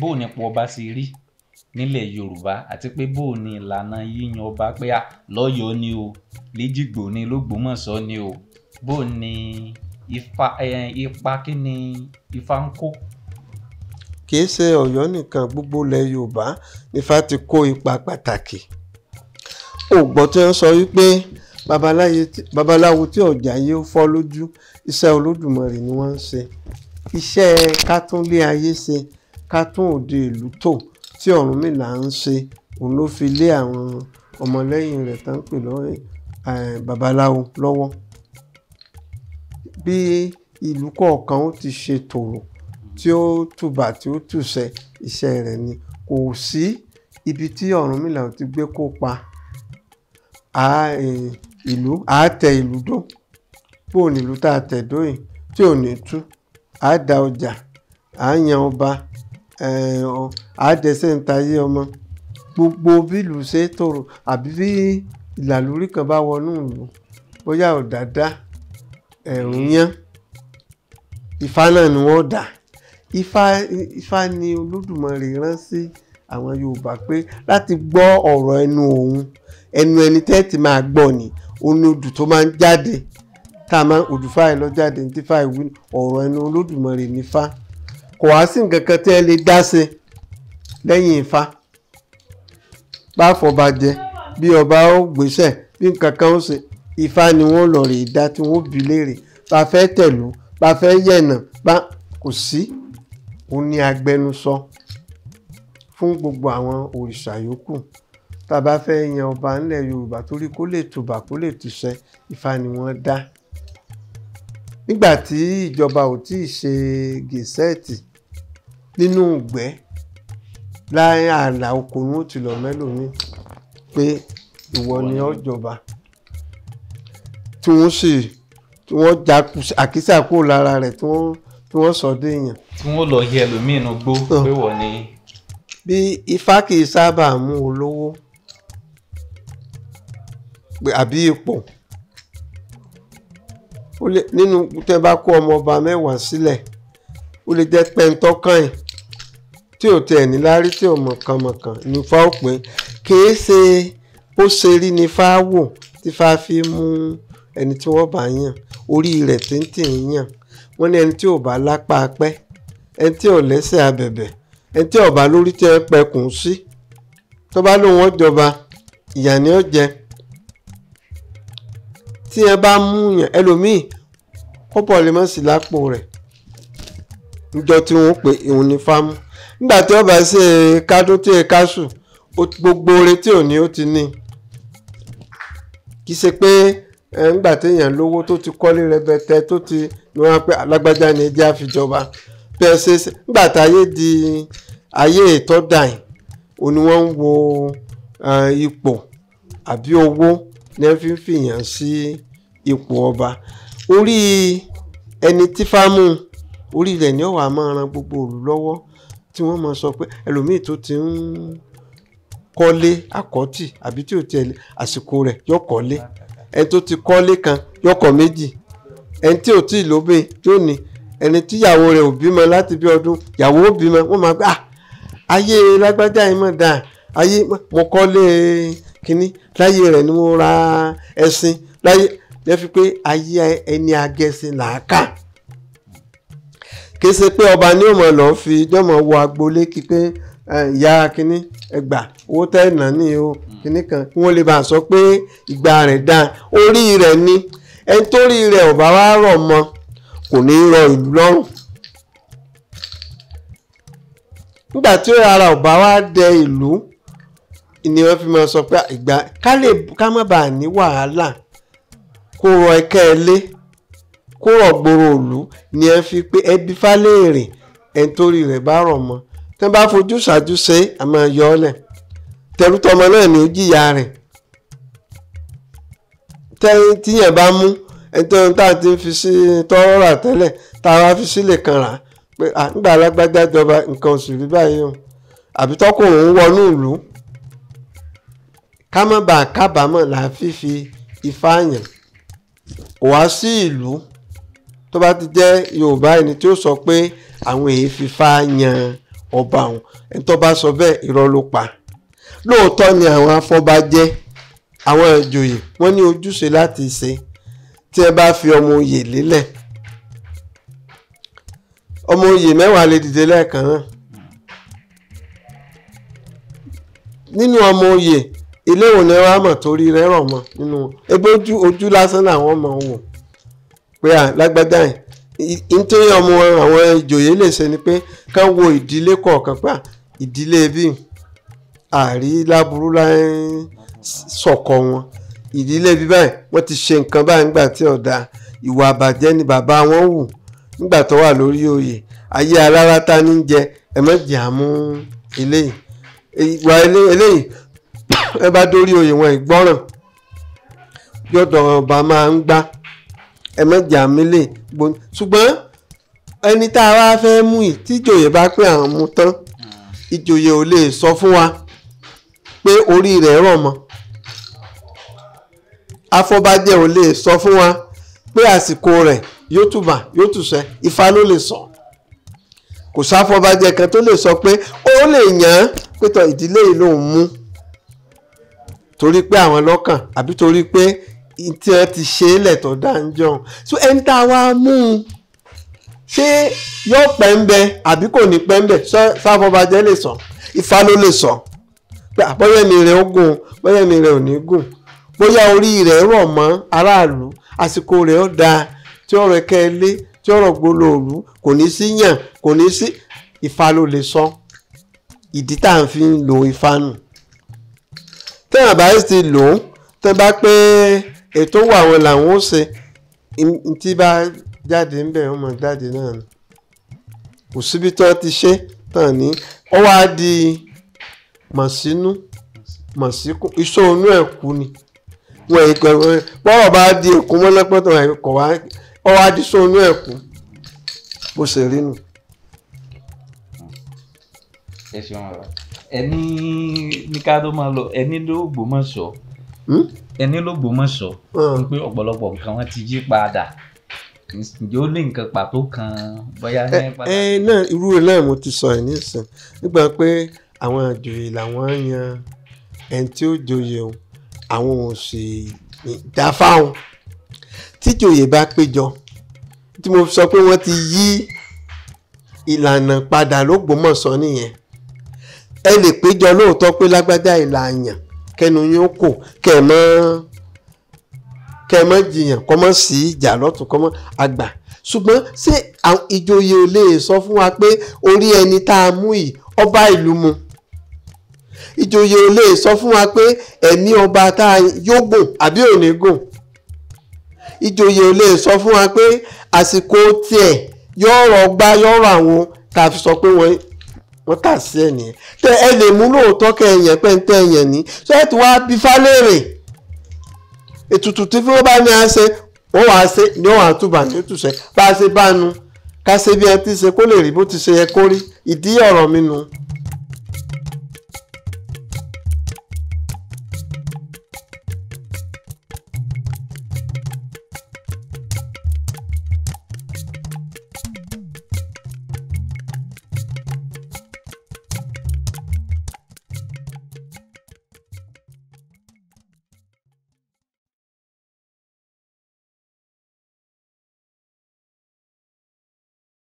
bó ni ipò ọba ṣe rí nílẹ̀ yorùbá àti pé bó ni ìlànà yíyan ọba pé à lọ́yọ̀ọ́ ni o lẹ́jìgbò ni lọ́gbọ́mọ̀ṣọ́ ni o bó ni ipa ipa kí ni ifá ń kó. kì í ṣe ọ̀yọ́ nìkan gbogbo ilẹ̀ yorùbá nífá ti kó ipa pàtàkì ògbọ́n tí wọ́n sọ wípé babaláwo tí ọjà yé fọ́ lójú iṣẹ́ olódùmarè ni wọ́n ń ṣe iṣẹ́ kátúndé ayé ṣe ká tún òde ìlú tò tí Ọ̀rúnmìlà ń ṣe òun ló fi lé àwọn ọmọlẹ́yìn rẹ̀ tá ń pè lọ́rẹ́ babaláwo lọ́wọ́ bí ìlú kọ̀ọ̀kan ó ti ṣe tòrò tí ó tùbà tí ó tùṣẹ iṣẹ́ rẹ̀ ni kò sí ibi tí Ọ̀rúnmìlà ò ti gbé kópa ìlú àátẹ ìlú dó bó ní ìlú tá a tẹ̀ dó yìí tí ò ní tú àá da ọjà àá yan ọba àádẹ́sẹ̀ntayé ọmọ gbogbo bílù ṣe tòrò àbí bí ìlàlórí kan bá wọnú ìlú bóyá ọ̀dàdá ẹ̀rùn yán ifá náà ni wọ́n dà ifá ifá ni olódùmarè rán sí àwọn yorùbá pé láti gbọ́ ọ̀rọ̀ ẹnu òun ẹnu ẹni tẹ́ ti máa gbọ́ ni òun odù tó máa ń jáde tá a máa odù fáì lọ jáde ní tí fáì wí ọ̀rọ̀ ẹnu olódùmarè ní kò wá sí nǹkan kan tẹ́ ẹ lè dá ṣe lẹ́yìn Ifá báfọba jẹ bí ọba ó gbéṣẹ́ bí nǹkan kan ó ṣe Ifá ni wọ́n lọ rè dá tí wọ́n bi léèrè bá fẹ́ tẹ̀lú bá fẹ́ yẹ̀nà bá kò sí òun ni agbẹnusọ fún gbogbo àwọn òrìṣà yòókù tá a yan ọba ńlẹ̀ Yorùbá torí kó lè tùbà kó lè tùṣẹ́ Ifá ni wọ́n dá nígbà tí ìjọba ò tí ì ṣe gẹ̀ẹ́sẹ̀tì nínú ìgbẹ́ láàrin ààlà oko ni wọ́n ti lọ mẹ́lòmíì pé ìwọ ni ó jọba tí wọ́n sì tí wọ́n já àkísà kúrò lára rẹ̀ tí wọ́n tí wọ́n sọ dé èèyàn. tí wọ́n lọ yẹ ẹlòmíín nu gbó pé wọ́n ni. bí ifá kì í sábà mú olówó àbí ipò nínú tẹ́ bá kó ọmọ ọba mẹ́wàá sílẹ̀ ó lè jẹ́ pẹ́ńtọ́kàn yìí tí ò tẹ̀ ní lárí tí ò mọ̀kànmọ̀kàn ní fa òpin kìí ṣe ó ṣe rí ni fa wò tí fa fi mú ẹni tí wọ́n bá yàn orí rẹ̀ tìǹtì ń yàn wọ́n ní ẹni tí ò bá lápá pẹ́ ẹni tí ò lẹ́sẹ̀ abẹ̀bẹ̀ ẹni tí ò bá lórí tí ẹ pẹkùn sí tó bá lóun ọjọba ìyà ni ó jẹ tí ẹ bá mú yàn ẹlòmíì kọ́pọ̀ lè mọ̀ sí lápò rẹ̀ níjọ́ tí wọ́n pe ìhun ní fámù nígbà tí ọba ṣe kádó tí ẹ káṣù gbogbo oore tí ò ní ó ti ní kì í ṣe pé nígbà téèyàn lówó tó ti kọ́lé rẹpẹtẹ tó ti ní wọn pé alágbájá ni ẹjẹ́ àfijọba bí ẹ ṣe nígbà tá ayé di ayé ìtọ́dà yìí òun ni wọ́n ń wo ipò àbí owó ní ẹ fi ń fìyàn sí ipò ọba orí ẹni tí orí rẹ̀ ni ó wà ran gbogbo òru lọ́wọ́ tí wọ́n máa sọ pé ẹlòmíì tó ti ń kọ́lé àkọ́tì àbí tí ò tiẹ̀ àsìkò rẹ̀ yóò kọ́lé ẹni tó ti kọ́lé kan yóò kọ́ méjì ẹni tí ò tí ì lóbìn yóò ní ẹni tíyàwó rẹ̀ ò bímọ láti bí ọdún yàwó ò bímọ wọ́n máa gbà ah, ayé lágbájá yìí mọ̀ dáa ayé mo kọ́lé kínní láyé rẹ̀ ni mo ra ẹṣin láyé lẹ́fi pé ayé ẹni agẹ́sìn làákà kì í ṣe pé ọba ní òmò lọ́ọ́ fi jọ́mọ̀ wọ agboolé kí pé ìyá kínní ẹgbà owó tẹ́ ẹ̀ náà o kínní kan kí wọ́n lè bá a sọ pé ìgbà rẹ̀ dáa orí rẹ̀ ni ẹni tó rí rẹ̀ ọ̀bá wa rọ̀ mọ́ kò ní í rọ ìlú lọ́rùn nígbà tí ara ọ̀bá wa dẹ ìlú ni wọ́n fi máa sọ pé ìgbà ká lè ká má bàa ní wàhálà kó rọ ẹkẹ́ ẹ lé. kó ọ̀gbọ̀rọ̀ òlu ni ẹ fi pé ẹbí fálẹ́ẹ̀rẹ̀ ẹni torí rẹ̀ bá rọ̀ mọ́ bá fojú ṣáájú ṣe a máa yọ ọ́ lẹ̀ náà ni ó jìyà rẹ̀ tẹ́yìn tíyẹn bá mú ẹni tó ń tà ti fi sí tọ́rọ́ rà tẹ́lẹ̀ tá a wá fi sílẹ̀ kan rà pé nígbà alágbájá jọba nǹkan oṣù rí tó bá ti jẹ́ yorùbá ẹni tí ó sọ pé àwọn èyí fífa yan ọba òun ẹni tó bá sọ bẹ́ẹ̀ irọ́ ló pa lóòótọ́ ni àwọn afọbajẹ́ àwọn ìjòyè wọ́n ní ojúṣe láti ṣe tí ẹ bá fi ọmọ oyè lélẹ̀ ọmọ oyè mẹ́wàá lè dìde lẹ́ẹ̀kan náà nínú ọmọ oyè ilé ìwòlẹ́wà mọ̀ torí rẹ̀ rọ̀ mọ́ nínú ẹgbẹ́ ojú lásán làwọn ọmọ wò pé à lágbádá yìí nítorí ọmọ àwọn ìjòyè lè ṣe ni pé ká wo ìdílé kọ̀ọ̀kan pé ìdílé bíi àrí láburú láyé sọ̀kọ̀ wọn ìdílé bíi báyìí wọ́n ti ṣe nǹkan báyìí nígbà tí ọ̀dà ìwà àbàjẹ́ ni bàbá wọn hù nígbà tó wà lórí oyè ayé alára ta ní jẹ ẹ má jẹ́ àmú eléyìí ìwà eléyìí ẹ bá dórí oyè wọn ìgbọ́ràn yọ̀dọ̀ ọba máa ń gbá ẹ mẹ́jà mi lè gbóni ṣùgbọ́n ẹni tá a wá fẹ́ mú yìí tí ìjòyè bá pé àwọn mú tán ìjòyè ò lè sọ fún wa pé orí rẹ̀ rọ̀ mọ́ afọbajẹ ò lè sọ fún wa pé àsìkò rẹ̀ yóò tùbà yóò tùṣẹ ifá ló lè sọ kò sáfọbajẹ kan tó lè sọ pé ó lè yàn án pé tọ ìdílé yìí lòún mú torí pé àwọn lọ́kàn àbí torí pé tí ẹ ti ṣe é lẹ̀tọ̀ dáńjọ́ so ẹni tá a wá mú un ṣé yóò pẹ́ ń bẹ àbí kò ní pẹ́ ń bẹ sáfọ́bàjẹ́ lè sọ ifá ló lè sọ pé bóyá ẹni rẹ̀ ó gùn bóyá ẹni rẹ̀ ò ní gùn bóyá orí rẹ̀ rọ̀ mọ́ aráàlú àsìkò rẹ̀ ó dáa tí ọ̀rọ̀ kẹ́lé tí ọ̀rọ̀ gbólóòlù kò ní sí yàn kò ní sí ifá ló lè sọ ìdí tá à ń fi lo ifá nù tẹ́wọ̀n bá sì lò ó tẹ́ bá pé. Pe ètò wà wọn làwọn ó ṣe tí bá jáde ńbẹ̀ wọ́n mọ̀ jáde náà ni kò síbi tí wọ́n ti ṣe tàn ní ó wá di mọ̀sínú mọ̀síkún iṣẹ́ onú ẹ̀ kú ni wọ́n ìkọ̀ bọ́rọ̀ bá di èkó mọ́lẹ́pẹ́tàn ẹ̀kọ́ wá ó wá di iṣẹ́ onú ẹ̀ kú bó ṣe rí nù. ẹ ṣeun ara ẹni ní ká tó máa lọ ẹni ló gbòmọ̀ sọ. Hmm? ẹni l'Ógbómọ̀ṣọ́ ń hm. pé ọ̀pọ̀lọpọ̀ nǹkan wọn ti yí padà ǹjẹ́ ó ní nǹkan pàtó kan bóyá ní pàtàkì. ẹ náà irú rẹ̀ náà mo ti sọ ẹ nísìn nígbà pé àwọn àjòyè làwọn yan ẹni tí ó joyè o àwọn ò sì dá fáwọn tíjòyè bá péjọ tí mo sọ pé wọ́n ti yí ìlànà padà l'Ógbómọ̀ṣọ́ nìyẹn ẹ lè péjọ lóòótọ́ pé lágbájá ìlànà kẹnu yín ó kò kẹ ẹ mọ́ kẹ ẹ mọ́ jiyàn kọ́ mọ́ sí ìjà lọ́tún kọ́ mọ́ àgbà ṣùgbọ́n ṣé ìjòyè ò lè sọ fún wa pé orí ẹni tá a mú yìí ọba ìlú mu ìjòyè ò lè sọ fún wa pé ẹ̀mí ọba tá a yóò gùn àbí ò ní gùn ìjòyè ò lè sọ fún wa pé àsìkò tiẹ̀ yọ̀ọ̀rọ̀ gbá yọ̀ọ̀rọ̀ àwọn tá a fi sọ pé wọ́n wọ́n kà sí ẹ̀ nìyẹn tẹ ẹ lè mú lóòótọ́ kẹ ẹ̀yẹ̀ pẹ́ńtẹ́ ẹ̀yẹ̀ ní ṣé ẹ ti wá bí falẹ́rè ètùtù tí fún bá ní àṣẹ wọ́n wàá ṣe ni wọ́n wàá túbà tí ó tù ṣe bá a ṣe bá nu ká ṣe bí ẹ ti ṣe kó lè rí bó ti ṣe yẹ kó rí ìdí ọ̀rọ̀ mi nu.